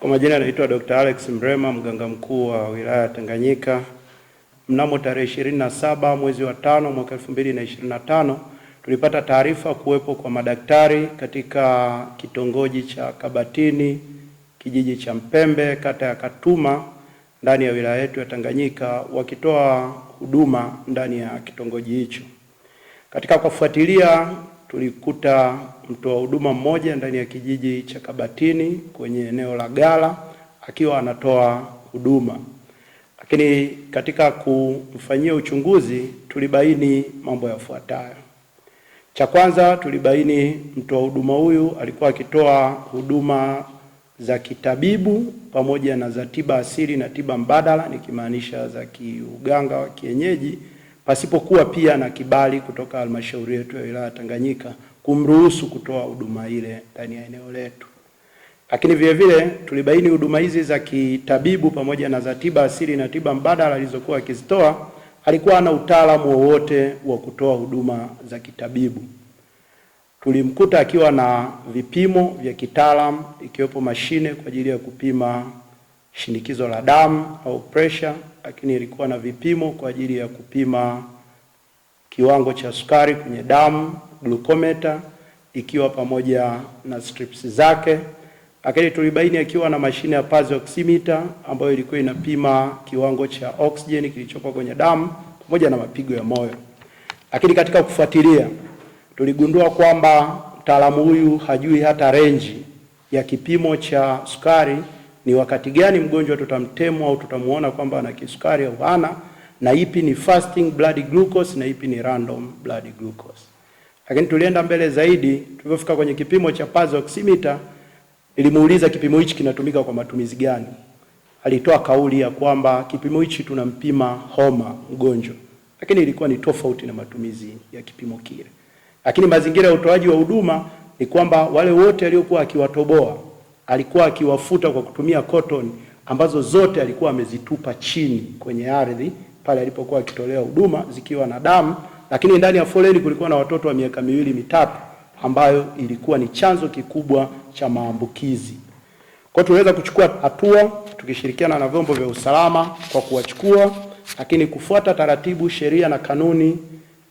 Kwa majina anaitwa Dr. Alex Mrema, mganga mkuu wa wilaya ya Tanganyika. Mnamo tarehe 27 mwezi wa tano mwaka 2025 tulipata taarifa kuwepo kwa madaktari katika kitongoji cha Kabatini, kijiji cha Mpembe, kata ya Katuma ndani ya wilaya yetu ya Tanganyika wakitoa huduma ndani ya kitongoji hicho. Katika kufuatilia tulikuta mtoa huduma mmoja ndani ya kijiji cha Kabatini kwenye eneo la Gala akiwa anatoa huduma, lakini katika kumfanyia uchunguzi tulibaini mambo yafuatayo. Cha kwanza, tulibaini mtoa huduma huyu alikuwa akitoa huduma za kitabibu pamoja na za tiba asili na tiba mbadala, nikimaanisha za kiuganga wa kienyeji pasipokuwa pia na kibali kutoka halmashauri yetu ya wilaya Tanganyika kumruhusu kutoa huduma ile ndani ya eneo letu. Lakini vile vile tulibaini huduma hizi za kitabibu pamoja na za tiba asili na tiba mbadala alizokuwa akizitoa alikuwa na utaalamu wowote wa kutoa huduma za kitabibu. Tulimkuta akiwa na vipimo vya kitaalam ikiwepo mashine kwa ajili ya kupima shinikizo la damu au pressure lakini ilikuwa na vipimo kwa ajili ya kupima kiwango cha sukari kwenye damu, glukometa ikiwa pamoja na strips zake, lakini tulibaini akiwa na mashine ya pulse oximeter ambayo ilikuwa inapima kiwango cha oxygen kilichokuwa kwenye damu pamoja na mapigo ya moyo. Lakini katika kufuatilia, tuligundua kwamba mtaalamu huyu hajui hata renji ya kipimo cha sukari ni wakati gani mgonjwa tutamtemwa au tutamuona kwamba ana kisukari au hana, na ipi ni fasting blood glucose na ipi ni random blood glucose. Lakini tulienda mbele zaidi, tulipofika kwenye kipimo cha pulse oximeter, ilimuuliza kipimo hichi kinatumika kwa matumizi gani. Alitoa kauli ya kwamba kipimo hichi tunampima homa mgonjwa, lakini ilikuwa ni tofauti na matumizi ya kipimo kile. Lakini mazingira ya utoaji wa huduma ni kwamba wale wote aliokuwa akiwatoboa alikuwa akiwafuta kwa kutumia cotton ambazo zote alikuwa amezitupa chini kwenye ardhi pale alipokuwa akitolea huduma zikiwa na damu, lakini ndani ya foleni kulikuwa na watoto wa miaka miwili mitatu, ambayo ilikuwa ni chanzo kikubwa cha maambukizi. Kwa tuliweza kuchukua hatua tukishirikiana na vyombo vya usalama kwa kuwachukua, lakini kufuata taratibu, sheria na kanuni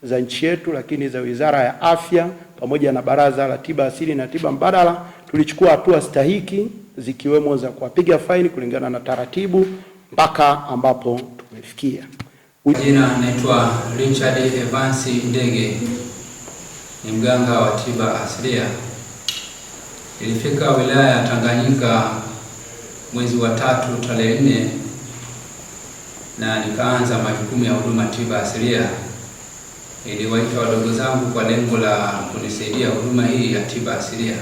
za nchi yetu, lakini za Wizara ya Afya pamoja na Baraza la Tiba Asili na Tiba Mbadala tulichukua hatua stahiki zikiwemo za kuwapiga faini kulingana na taratibu mpaka ambapo tumefikia. Jina naitwa Richard Evans Ndege, ni mganga wa tiba asilia. ilifika wilaya ya Tanganyika mwezi wa tatu tarehe nne na nikaanza majukumu ya huduma tiba asilia. Niliwaita wadogo zangu kwa lengo la kunisaidia huduma hii ya tiba asilia.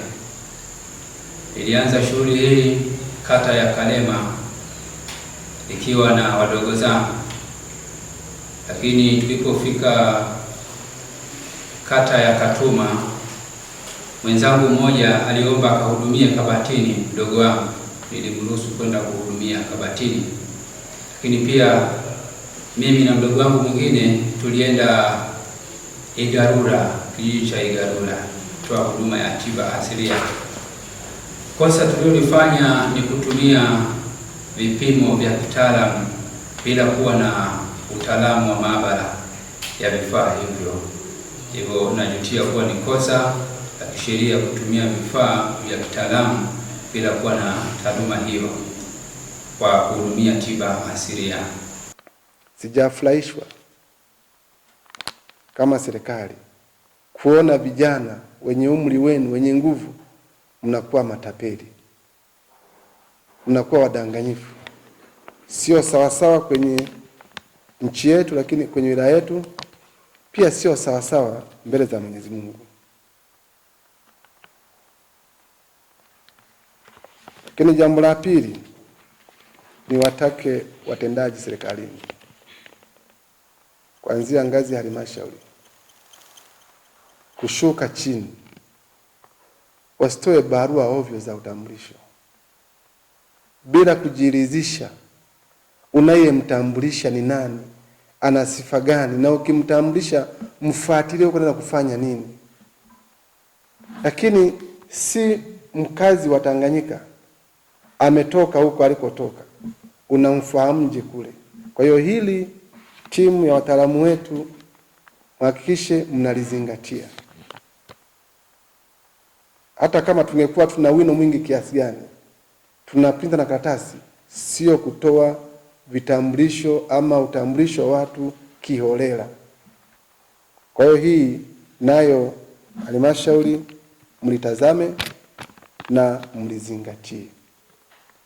Ilianza shughuli hii kata ya Kalema ikiwa na wadogo zangu, lakini tulipofika kata ya Katuma mwenzangu mmoja aliomba akahudumia Kabatini, mdogo wangu nilimruhusu kwenda kuhudumia Kabatini, lakini pia mimi na mdogo wangu mwingine tulienda Igarura, kijiji cha Igarura kutoa huduma ya tiba asilia. Kosa tuliolifanya ni kutumia vipimo vya kitaalamu bila kuwa na utaalamu wa maabara ya vifaa hivyo. Hivyo najutia kuwa ni kosa la kisheria kutumia vifaa vya kitaalamu bila kuwa na taaluma hiyo kwa kuhudumia tiba asilia. Sijafurahishwa kama serikali kuona vijana wenye umri wenu wenye nguvu mnakuwa matapeli, mnakuwa wadanganyifu. Sio sawasawa kwenye nchi yetu, lakini kwenye wilaya yetu pia sio sawasawa mbele za Mwenyezi Mungu. Lakini jambo la pili ni watake watendaji serikalini kuanzia ngazi ya halmashauri kushuka chini wasitoe barua ovyo za utambulisho bila kujiridhisha unayemtambulisha ni nani, ana sifa gani, na ukimtambulisha mfuatilie huko na kufanya nini. Lakini si mkazi wa Tanganyika, ametoka huko alikotoka, unamfahamuje kule? Kwa hiyo hili, timu ya wataalamu wetu, mhakikishe mnalizingatia hata kama tungekuwa tuna wino mwingi kiasi gani, tunapinda na karatasi, sio kutoa vitambulisho ama utambulisho wa watu kiholela. Kwa hiyo hii nayo halmashauri mlitazame na mlizingatie.